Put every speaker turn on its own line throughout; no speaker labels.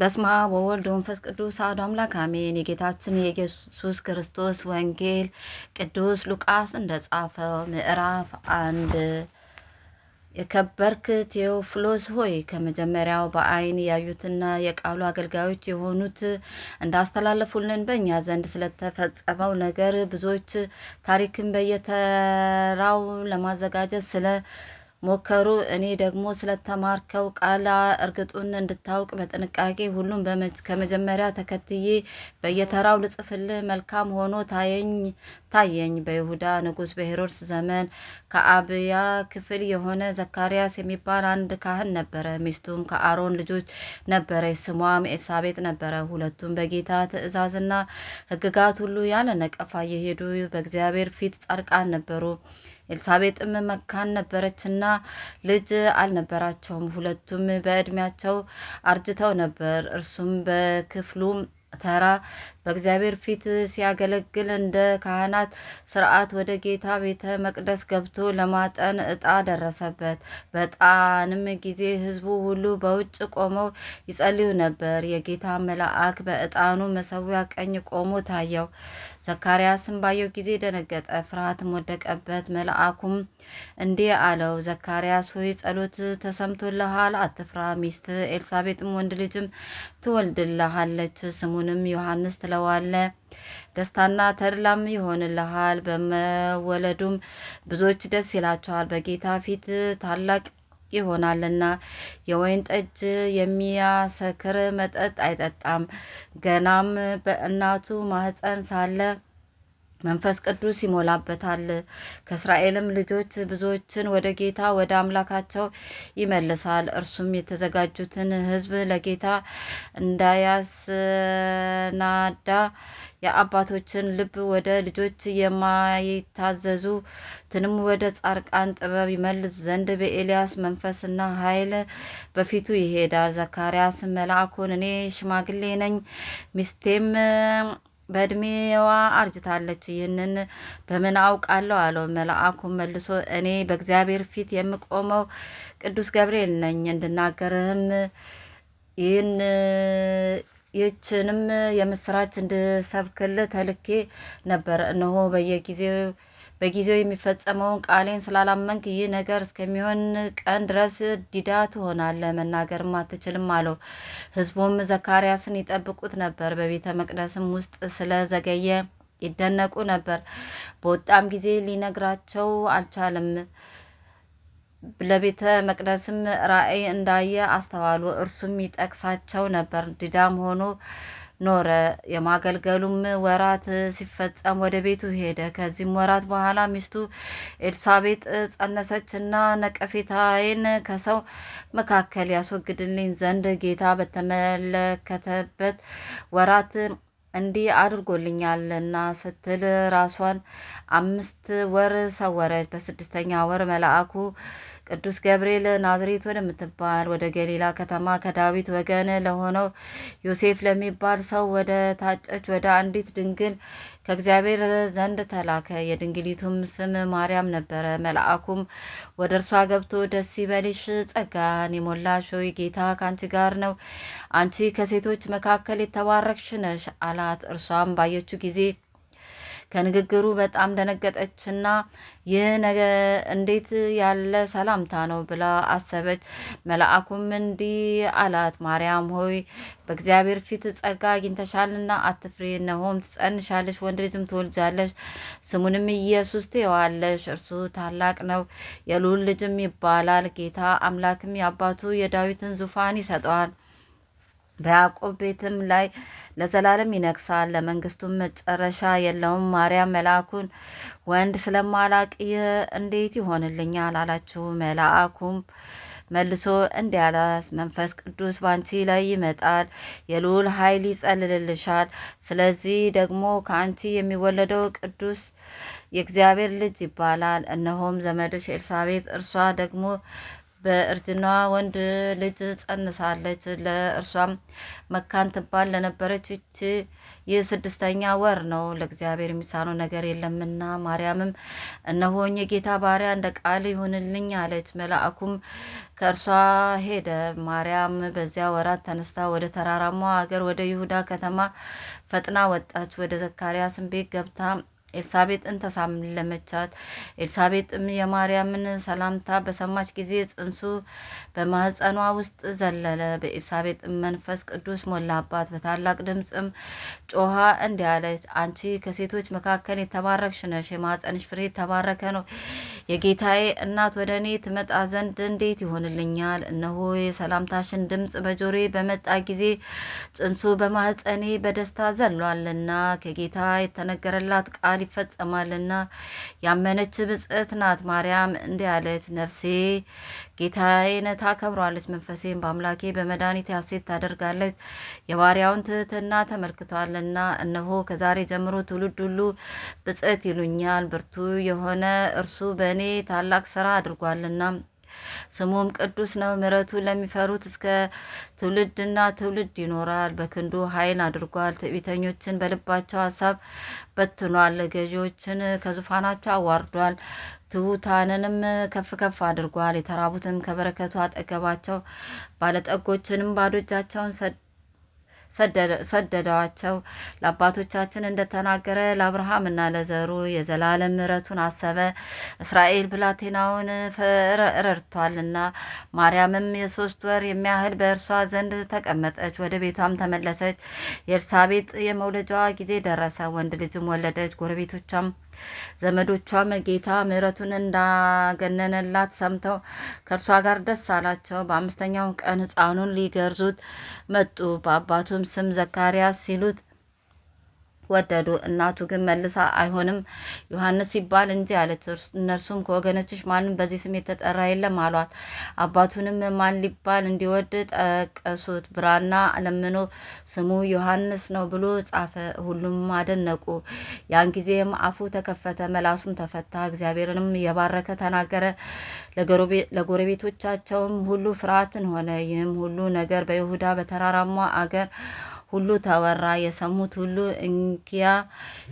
በስመ አብ ወወልድ ወመንፈስ ቅዱስ አሐዱ አምላክ አሜን። የጌታችን የኢየሱስ ክርስቶስ ወንጌል ቅዱስ ሉቃስ እንደጻፈው ምዕራፍ አንድ የከበርክ ቴዎፍሎስ ሆይ ከመጀመሪያው በዓይን ያዩትና የቃሉ አገልጋዮች የሆኑት እንዳስተላለፉልን በእኛ ዘንድ ስለተፈጸመው ነገር ብዙዎች ታሪክን በየተራው ለማዘጋጀት ስለ ሞከሩ። እኔ ደግሞ ስለተማርከው ቃል እርግጡን እንድታውቅ በጥንቃቄ ሁሉም ከመጀመሪያ ተከትዬ በየተራው ልጽፍልህ መልካም ሆኖ ታየኝ። በይሁዳ ንጉሥ በሄሮድስ ዘመን ከአብያ ክፍል የሆነ ዘካርያስ የሚባል አንድ ካህን ነበረ። ሚስቱም ከአሮን ልጆች ነበረች፣ ስሟም ኤልሳቤጥ ነበረ። ሁለቱም በጌታ ትእዛዝና ሕግጋት ሁሉ ያለ ነቀፋ የሄዱ በእግዚአብሔር ፊት ጻድቃን ነበሩ። ኤልሳቤጥም መካን ነበረችና ልጅ አልነበራቸውም። ሁለቱም በዕድሜያቸው አርጅተው ነበር። እርሱም በክፍሉ ተራ በእግዚአብሔር ፊት ሲያገለግል እንደ ካህናት ስርዓት ወደ ጌታ ቤተ መቅደስ ገብቶ ለማጠን እጣ ደረሰበት። በጣንም ጊዜ ሕዝቡ ሁሉ በውጭ ቆመው ይጸልዩ ነበር። የጌታ መልአክ በእጣኑ መሰዊያ ቀኝ ቆሞ ታየው። ዘካርያስም ባየው ጊዜ ደነገጠ፣ ፍርሃትም ወደቀበት። መልአኩም እንዲህ አለው፣ ዘካርያስ ሆይ ጸሎት ተሰምቶልሃል፣ አትፍራ። ሚስት ኤልሳቤጥም ወንድ ልጅም ትወልድልሃለች ስሙ ስሙንም ዮሐንስ ትለዋለ። ደስታና ተድላም ይሆንልሃል፣ በመወለዱም ብዙዎች ደስ ይላቸዋል። በጌታ ፊት ታላቅ ይሆናልና የወይን ጠጅ የሚያሰክር መጠጥ አይጠጣም። ገናም በእናቱ ማህፀን ሳለ መንፈስ ቅዱስ ይሞላበታል። ከእስራኤልም ልጆች ብዙዎችን ወደ ጌታ ወደ አምላካቸው ይመልሳል። እርሱም የተዘጋጁትን ሕዝብ ለጌታ እንዳያስናዳ የአባቶችን ልብ ወደ ልጆች የማይታዘዙ ትንም ወደ ጻርቃን ጥበብ ይመልስ ዘንድ በኤልያስ መንፈስና ኃይል በፊቱ ይሄዳል። ዘካርያስ መልአኩን እኔ ሽማግሌ ነኝ ሚስቴም በእድሜዋ አርጅታለች፣ ይህንን በምን አውቃለሁ አለው። መልአኩ መልሶ እኔ በእግዚአብሔር ፊት የምቆመው ቅዱስ ገብርኤል ነኝ፣ እንድናገርህም ይህን ይህችንም የምስራች እንድሰብክል ተልኬ ነበር። እነሆ በየጊዜው በጊዜው የሚፈጸመውን ቃሌን ስላላመንክ ይህ ነገር እስከሚሆን ቀን ድረስ ዲዳ ትሆናለህ፣ መናገርም አትችልም አለው። ህዝቡም ዘካርያስን ይጠብቁት ነበር። በቤተ መቅደስም ውስጥ ስለዘገየ ይደነቁ ነበር። በወጣም ጊዜ ሊነግራቸው አልቻለም። ለቤተ መቅደስም ራእይ እንዳየ አስተዋሉ። እርሱም ይጠቅሳቸው ነበር። ዲዳም ሆኖ ኖረ። የማገልገሉም ወራት ሲፈጸም ወደ ቤቱ ሄደ። ከዚህም ወራት በኋላ ሚስቱ ኤልሳቤጥ ጸነሰችና ነቀፌታዬን ከሰው መካከል ያስወግድልኝ ዘንድ ጌታ በተመለከተበት ወራት እንዲህ አድርጎልኛል እና ስትል ራሷን አምስት ወር ሰወረች። በስድስተኛ ወር መልአኩ ቅዱስ ገብርኤል ናዝሬት ወደምትባል ወደ ገሊላ ከተማ ከዳዊት ወገን ለሆነው ዮሴፍ ለሚባል ሰው ወደ ታጨች ወደ አንዲት ድንግል ከእግዚአብሔር ዘንድ ተላከ። የድንግሊቱም ስም ማርያም ነበረ። መልአኩም ወደ እርሷ ገብቶ ደስ ይበልሽ፣ ጸጋን የሞላሽ ሆይ ጌታ ከአንቺ ጋር ነው፣ አንቺ ከሴቶች መካከል የተባረክሽ ነሽ አላት። እርሷም ባየችው ጊዜ ከንግግሩ በጣም ደነገጠችና ይህ ነገ እንዴት ያለ ሰላምታ ነው ብላ አሰበች። መልአኩም እንዲህ አላት፣ ማርያም ሆይ በእግዚአብሔር ፊት ጸጋ አግኝተሻልና አትፍሪ። እነሆም ትጸንሻለሽ፣ ወንድ ልጅም ትወልጃለሽ፣ ስሙንም ኢየሱስ ትየዋለሽ። እርሱ ታላቅ ነው፣ የልዑል ልጅም ይባላል። ጌታ አምላክም የአባቱ የዳዊትን ዙፋን ይሰጠዋል። በያዕቆብ ቤትም ላይ ለዘላለም ይነግሳል፣ ለመንግስቱም መጨረሻ የለውም። ማርያም መልአኩን ወንድ ስለማላቅ ይህ እንዴት ይሆንልኛል አላችሁ። መልአኩም መልሶ እንዲህ አላት፣ መንፈስ ቅዱስ በአንቺ ላይ ይመጣል፣ የልዑል ኃይል ይጸልልልሻል። ስለዚህ ደግሞ ከአንቺ የሚወለደው ቅዱስ የእግዚአብሔር ልጅ ይባላል። እነሆም ዘመዶች ኤልሳቤጥ እርሷ ደግሞ በእርጅና ወንድ ልጅ ጸንሳለች። ለእርሷም መካን ትባል ለነበረች ይች ይህ ስድስተኛ ወር ነው፣ ለእግዚአብሔር የሚሳነው ነገር የለምና። ማርያምም እነሆኝ የጌታ ባሪያ እንደ ቃል ይሁንልኝ አለች። መልአኩም ከእርሷ ሄደ። ማርያም በዚያ ወራት ተነስታ ወደ ተራራማ አገር ወደ ይሁዳ ከተማ ፈጥና ወጣች። ወደ ዘካርያስም ቤት ገብታ ኤልሳቤጥን ተሳለመቻት። ኤልሳቤጥም የማርያምን ሰላምታ በሰማች ጊዜ ጽንሱ በማህፀኗ ውስጥ ዘለለ። በኤልሳቤጥም መንፈስ ቅዱስ ሞላባት። በታላቅ ድምፅም ጮሃ እንዲህ አለች፣ አንቺ ከሴቶች መካከል የተባረክሽ ነሽ፣ የማፀንሽ ፍሬ የተባረከ ነው። የጌታዬ እናት ወደ እኔ ትመጣ ዘንድ እንዴት ይሆንልኛል? እነሆ የሰላምታሽን ድምፅ በጆሬ በመጣ ጊዜ ጽንሱ በማህፀኔ በደስታ ዘሏልና ከጌታ የተነገረላት ቃል ቃል ይፈጸማልና ያመነች ብጽዕት ናት። ማርያም እንዲህ አለች፣ ነፍሴ ጌታዬን ታከብሯለች፣ መንፈሴን በአምላኬ በመድኃኒቴ ሐሴት ታደርጋለች። የባሪያውን ትህትና ተመልክቷልና፣ እነሆ ከዛሬ ጀምሮ ትውልድ ሁሉ ብጽዕት ይሉኛል። ብርቱ የሆነ እርሱ በእኔ ታላቅ ስራ አድርጓልና ስሙም ቅዱስ ነው። ምሕረቱ ለሚፈሩት እስከ ትውልድና ትውልድ ይኖራል። በክንዱ ኃይል አድርጓል። ትዕቢተኞችን በልባቸው ሀሳብ በትኗል። ገዢዎችን ከዙፋናቸው አዋርዷል። ትሑታንንም ከፍ ከፍ አድርጓል። የተራቡትም ከበረከቱ አጠገባቸው፣ ባለጠጎችንም ባዶ እጃቸውን ሰድ ሰደዳቸው። ለአባቶቻችን እንደተናገረ እና ለዘሩ የዘላለም ምሕረቱን አሰበ። እስራኤል ብላቴናውን ረድቷልና። ማርያምም የሶስት ወር የሚያህል በእርሷ ዘንድ ተቀመጠች። ወደ ቤቷም ተመለሰች። የኤልሳቤጥ የመውለጃዋ ጊዜ ደረሰ። ወንድ ልጅም ወለደች። ጎረቤቶቿም ዘመዶቿም ጌታ ምሕረቱን እንዳገነነላት ሰምተው ከእርሷ ጋር ደስ አላቸው። በአምስተኛው ቀን ሕፃኑን ሊገርዙት መጡ። በአባቱም ስም ዘካርያስ ሲሉት ወደዱ። እናቱ ግን መልሳ አይሆንም ዮሐንስ ይባል እንጂ አለች። እነርሱም ከወገኖችሽ ማንም በዚህ ስም የተጠራ የለም አሏት። አባቱንም ማን ሊባል እንዲወድ ጠቀሱት። ብራና ለምኖ ስሙ ዮሐንስ ነው ብሎ ጻፈ። ሁሉም አደነቁ። ያን ጊዜም አፉ ተከፈተ፣ መላሱም ተፈታ። እግዚአብሔርንም የባረከ ተናገረ። ለጎረቤቶቻቸውም ሁሉ ፍርሃትን ሆነ። ይህም ሁሉ ነገር በይሁዳ በተራራማ አገር ሁሉ ተወራ። የሰሙት ሁሉ እንኪያ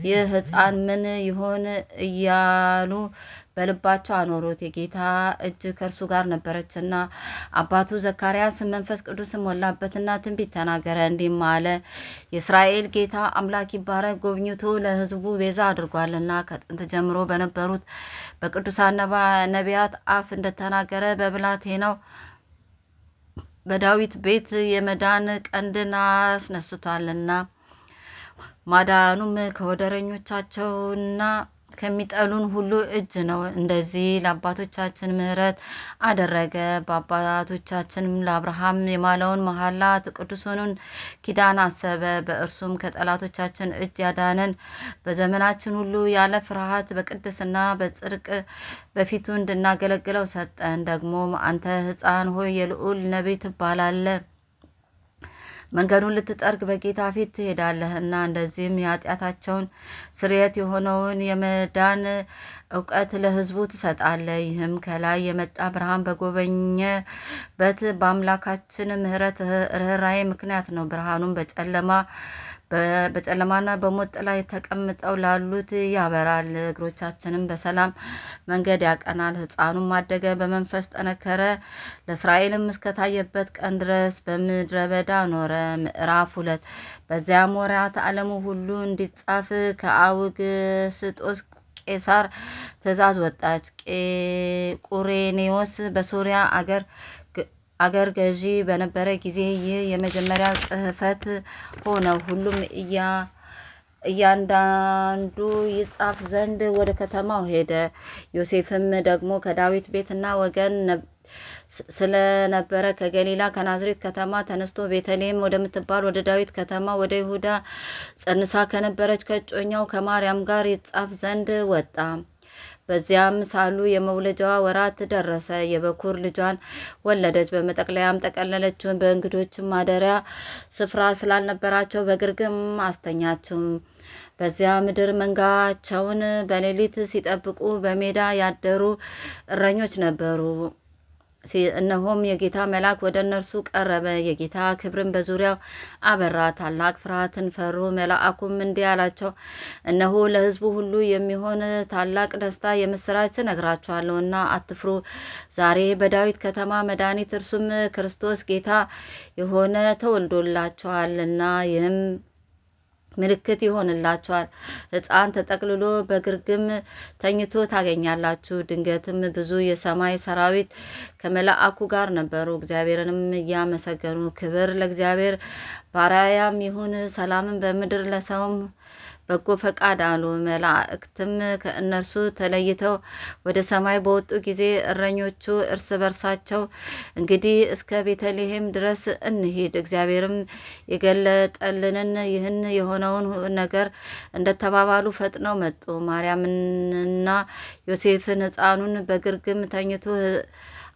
ይህ ሕፃን ምን ይሆን እያሉ በልባቸው አኖሩት። የጌታ እጅ ከእርሱ ጋር ነበረችና አባቱ ዘካርያስ መንፈስ ቅዱስ ሞላበትና ትንቢት ተናገረ፣ እንዲህም አለ። የእስራኤል ጌታ አምላክ ይባረክ፣ ጎብኝቱ ለሕዝቡ ቤዛ አድርጓልና ከጥንት ጀምሮ በነበሩት በቅዱሳን ነቢያት አፍ እንደተናገረ በብላቴናው በዳዊት ቤት የመዳን ቀንድን አስነስቷልና ማዳኑም ከወደረኞቻቸውና ከሚጠሉን ሁሉ እጅ ነው። እንደዚህ ለአባቶቻችን ምሕረት አደረገ። በአባቶቻችን ለአብርሃም የማለውን መሐላ ቅዱሱን ኪዳን አሰበ። በእርሱም ከጠላቶቻችን እጅ ያዳነን በዘመናችን ሁሉ ያለ ፍርሃት በቅድስና በጽድቅ በፊቱ እንድናገለግለው ሰጠን። ደግሞ አንተ ሕፃን ሆይ የልዑል ነቢይ ትባላለህ መንገዱን ልትጠርግ በጌታ ፊት እና እንደዚህም የኃጢአታቸውን ስርየት የሆነውን የመዳን እውቀት ለህዝቡ ትሰጣለህ። ይህም ከላይ የመጣ ብርሃን በጎበኘበት በአምላካችን ምሕረት ርኅራዬ ምክንያት ነው። ብርሃኑን በጨለማ በጨለማና በሞት ጥላ ተቀምጠው ላሉት ያበራል። እግሮቻችንም በሰላም መንገድ ያቀናል። ሕፃኑም አደገ፣ በመንፈስ ጠነከረ። ለእስራኤልም እስከታየበት ቀን ድረስ በምድረ በዳ ኖረ። ምዕራፍ ሁለት በዚያም ወራት ዓለሙ ሁሉ እንዲጻፍ ከአውግስጦስ ቄሳር ትእዛዝ ወጣች። ቁሬኔዎስ በሶሪያ አገር አገር ገዢ በነበረ ጊዜ ይህ የመጀመሪያ ጽሕፈት ሆነ። ሁሉም እያንዳንዱ ይጻፍ ዘንድ ወደ ከተማው ሄደ። ዮሴፍም ደግሞ ከዳዊት ቤትና ወገን ስለነበረ ከገሊላ ከናዝሬት ከተማ ተነስቶ ቤተልሔም ወደምትባል ወደ ዳዊት ከተማ ወደ ይሁዳ ጸንሳ ከነበረች ከእጮኛው ከማርያም ጋር ይጻፍ ዘንድ ወጣ። በዚያም ሳሉ የመውለጃዋ ወራት ደረሰ። የበኩር ልጇን ወለደች። በመጠቅለያም ጠቀለለችው። በእንግዶች ማደሪያ ስፍራ ስላልነበራቸው በግርግም አስተኛችው። በዚያ ምድር መንጋቸውን በሌሊት ሲጠብቁ በሜዳ ያደሩ እረኞች ነበሩ። እነሆም የጌታ መልአክ ወደ እነርሱ ቀረበ፣ የጌታ ክብርን በዙሪያው አበራ፣ ታላቅ ፍርሃትን ፈሩ። መልአኩም እንዲህ አላቸው፣ እነሆ ለሕዝቡ ሁሉ የሚሆን ታላቅ ደስታ የምስራች ነግራችኋለሁና አትፍሩ። ዛሬ በዳዊት ከተማ መድኃኒት እርሱም ክርስቶስ ጌታ የሆነ ተወልዶላችኋልና ይህም ምልክት ይሆንላችኋል። ሕፃን ተጠቅልሎ በግርግም ተኝቶ ታገኛላችሁ። ድንገትም ብዙ የሰማይ ሰራዊት ከመላአኩ ጋር ነበሩ፣ እግዚአብሔርንም እያመሰገኑ ክብር ለእግዚአብሔር ባራያም ይሁን ሰላምን በምድር ለሰውም በጎ ፈቃድ አሉ። መላእክትም ከእነርሱ ተለይተው ወደ ሰማይ በወጡ ጊዜ እረኞቹ እርስ በርሳቸው እንግዲህ እስከ ቤተልሔም ድረስ እንሂድ፣ እግዚአብሔርም የገለጠልንን ይህን የሆነውን ነገር እንደተባባሉ ፈጥነው መጡ። ማርያምንና ዮሴፍን ሕፃኑን በግርግም ተኝቶ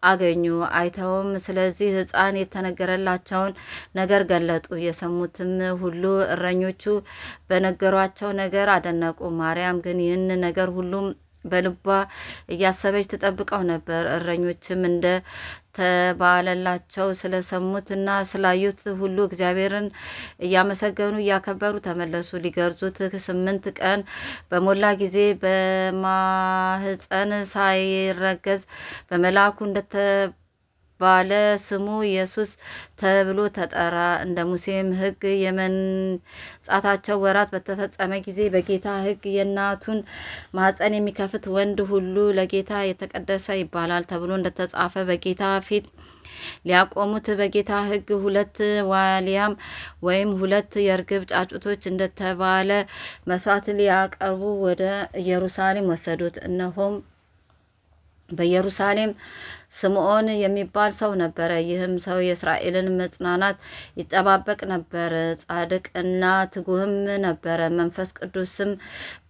አገኙ። አይተውም ስለዚህ ህፃን የተነገረላቸውን ነገር ገለጡ። የሰሙትም ሁሉ እረኞቹ በነገሯቸው ነገር አደነቁ። ማርያም ግን ይህን ነገር ሁሉም በልቧ እያሰበች ትጠብቀው ነበር። እረኞችም እንደ ተባለላቸው ስለሰሙትና ስላዩት ሁሉ እግዚአብሔርን እያመሰገኑ እያከበሩ ተመለሱ። ሊገርዙት ስምንት ቀን በሞላ ጊዜ በማህፀን ሳይረገዝ በመላኩ እንደተ ባለ ስሙ ኢየሱስ ተብሎ ተጠራ። እንደ ሙሴም ሕግ የመንጻታቸው ወራት በተፈጸመ ጊዜ በጌታ ሕግ የእናቱን ማጸን የሚከፍት ወንድ ሁሉ ለጌታ የተቀደሰ ይባላል ተብሎ እንደተጻፈ በጌታ ፊት ሊያቆሙት በጌታ ሕግ ሁለት ዋሊያም ወይም ሁለት የርግብ ጫጩቶች እንደተባለ መስዋዕት ሊያቀርቡ ወደ ኢየሩሳሌም ወሰዱት። እነሆም በኢየሩሳሌም ስምዖን የሚባል ሰው ነበረ። ይህም ሰው የእስራኤልን መጽናናት ይጠባበቅ ነበር። ጻድቅ እና ትጉህም ነበረ። መንፈስ ቅዱስም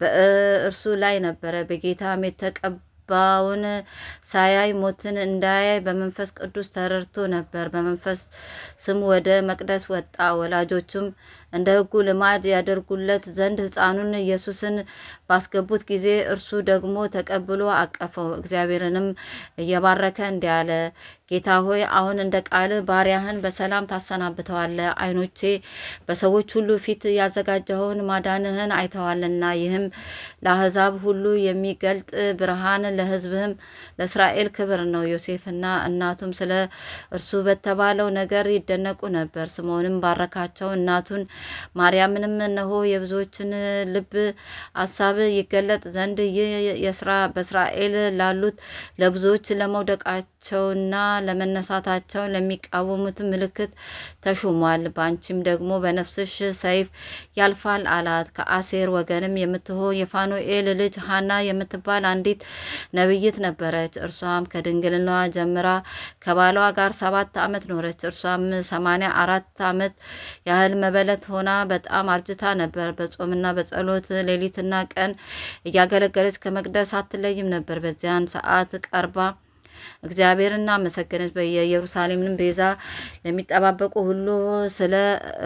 በእርሱ ላይ ነበረ። በጌታም የተቀባውን ሳያይ ሞትን እንዳያይ በመንፈስ ቅዱስ ተረድቶ ነበር። በመንፈስ ስም ወደ መቅደስ ወጣ። ወላጆቹም እንደ ሕጉ ልማድ ያደርጉለት ዘንድ ሕፃኑን ኢየሱስን ባስገቡት ጊዜ እርሱ ደግሞ ተቀብሎ አቀፈው። እግዚአብሔርንም እየባረከ እንዲህ አለ፣ ጌታ ሆይ አሁን እንደ ቃል ባሪያህን በሰላም ታሰናብተዋለ። ዓይኖቼ በሰዎች ሁሉ ፊት ያዘጋጀኸውን ማዳንህን አይተዋልና ይህም ለአሕዛብ ሁሉ የሚገልጥ ብርሃን ለሕዝብህም ለእስራኤል ክብር ነው። ዮሴፍና እናቱም ስለ እርሱ በተባለው ነገር ይደነቁ ነበር። ስምዖንም ባረካቸው፣ እናቱን ማርያምንም እነሆ የብዙዎችን ልብ አሳብ ይገለጥ ዘንድ ይህ የስራ በእስራኤል ላሉት ለብዙዎች ለመውደቃቸውና ለመነሳታቸው ለሚቃወሙት ምልክት ተሹሟል። በአንቺም ደግሞ በነፍስሽ ሰይፍ ያልፋል አላት። ከአሴር ወገንም የምትሆን የፋኑኤል ልጅ ሀና የምትባል አንዲት ነብይት ነበረች። እርሷም ከድንግልናዋ ጀምራ ከባሏ ጋር ሰባት ዓመት ኖረች። እርሷም ሰማንያ አራት ዓመት ያህል መበለት ሆና በጣም አርጅታ ነበር። በጾምና በጸሎት ሌሊትና ቀን እያገለገለች ከመቅደስ አትለይም ነበር። በዚያን ሰዓት ቀርባ እግዚአብሔርና አመሰገነች። በኢየሩሳሌምንም ቤዛ ለሚጠባበቁ ሁሉ ስለ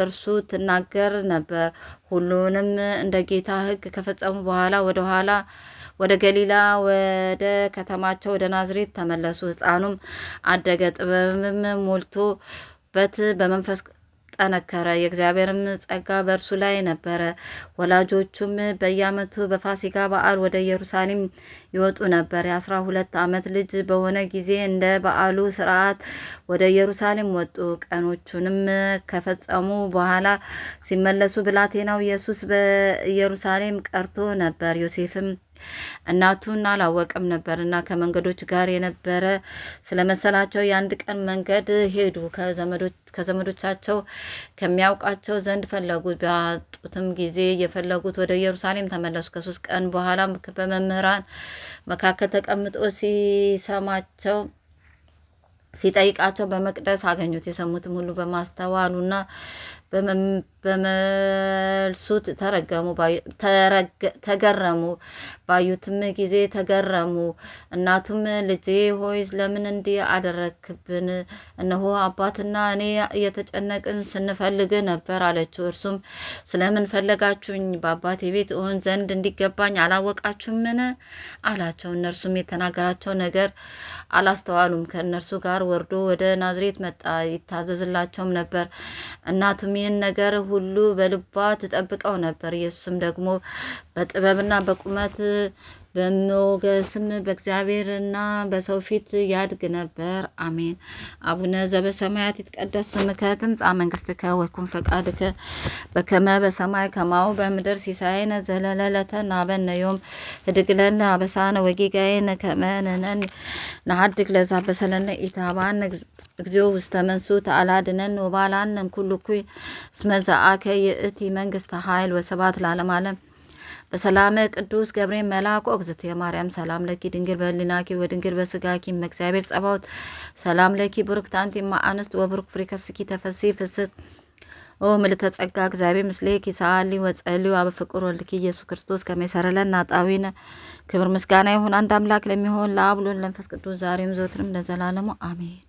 እርሱ ትናገር ነበር። ሁሉንም እንደ ጌታ ሕግ ከፈጸሙ በኋላ ወደ ኋላ ወደ ገሊላ ወደ ከተማቸው ወደ ናዝሬት ተመለሱ። ሕፃኑም አደገ፣ ጥበብም ሞልቶበት በመንፈስ ጠነከረ። የእግዚአብሔርም ጸጋ በእርሱ ላይ ነበረ። ወላጆቹም በየዓመቱ በፋሲካ በዓል ወደ ኢየሩሳሌም ይወጡ ነበር። የአስራ ሁለት ዓመት ልጅ በሆነ ጊዜ እንደ በዓሉ ስርዓት ወደ ኢየሩሳሌም ወጡ። ቀኖቹንም ከፈጸሙ በኋላ ሲመለሱ ብላቴናው ኢየሱስ በኢየሩሳሌም ቀርቶ ነበር። ዮሴፍም እናቱን አላወቅም ነበር እና ከመንገዶች ጋር የነበረ ስለመሰላቸው የአንድ ቀን መንገድ ሄዱ። ከዘመዶቻቸው ከሚያውቃቸው ዘንድ ፈለጉ። ባጡትም ጊዜ የፈለጉት ወደ ኢየሩሳሌም ተመለሱ። ከሶስት ቀን በኋላ በመምህራን መካከል ተቀምጦ ሲሰማቸው ሲጠይቃቸው በመቅደስ አገኙት። የሰሙትም ሁሉ በማስተዋሉና በመልሱ ተረገሙ ተገረሙ። ባዩትም ጊዜ ተገረሙ። እናቱም ልጄ ሆይ ለምን እንዲህ አደረክብን? እነሆ አባትና እኔ እየተጨነቅን ስንፈልግ ነበር አለችው። እርሱም ስለምን ፈለጋችሁኝ? በአባቴ ቤት እሆን ዘንድ እንዲገባኝ አላወቃችሁምን? አላቸው። እነርሱም የተናገራቸው ነገር አላስተዋሉም። ከእነርሱ ጋር ወርዶ ወደ ናዝሬት መጣ፣ ይታዘዝላቸውም ነበር። እናቱም ይህን ነገር ሁሉ በልቧ ትጠብቀው ነበር። ኢየሱስም ደግሞ በጥበብና በቁመት በሞገስም በእግዚአብሔርና በሰው ፊት ያድግ ነበር። አሜን። አቡነ ዘበሰማያት ይትቀደስ ስምከ ትምጻእ መንግስትከ ወይኩን ፈቃድከ በከመ በሰማይ ከማሁ በምድር ሲሳየነ ዘለለዕለትነ ሀበነ ዮም ህድግ ለነ አበሳነ ወጌጋየነ ከመ ንሕነኒ ንሐድግ ለዘ አበሰ ለነ ኢታባነ እግዚኦ ውስተ መንሱ ተአላድነን ወባላነም ኩሉ ኩይ እስመ ዘአከ የእቲ መንግስተ ኃይል ወሰባት ለዓለመ ዓለም። በሰላመ ቅዱስ ገብርኤል መልአክ እግዝእትየ ማርያም ሰላም ለኪ ድንግል በህሊናኪ ወድንግል በስጋኪ መእግዚአብሔር ጸባኦት ሰላም ለኪ ብሩክት አንቲ እማ አንስት ወብሩክ ፍሪከስኪ ተፈሲ ፍስብ ኦ ምልዕተ ጸጋ እግዚአብሔር ምስሌኪ ሰአሊ ወጸልዩ አብ ፍቅር ወልድኪ ኢየሱስ ክርስቶስ ከመ ይሰረ ለነ ክብር ምስጋና ይሁን አንድ አምላክ ለሚሆን ለአብ ወወልድ ወመንፈስ ቅዱስ ዛሬም ዘወትርም ለዘላለሙ አሜን።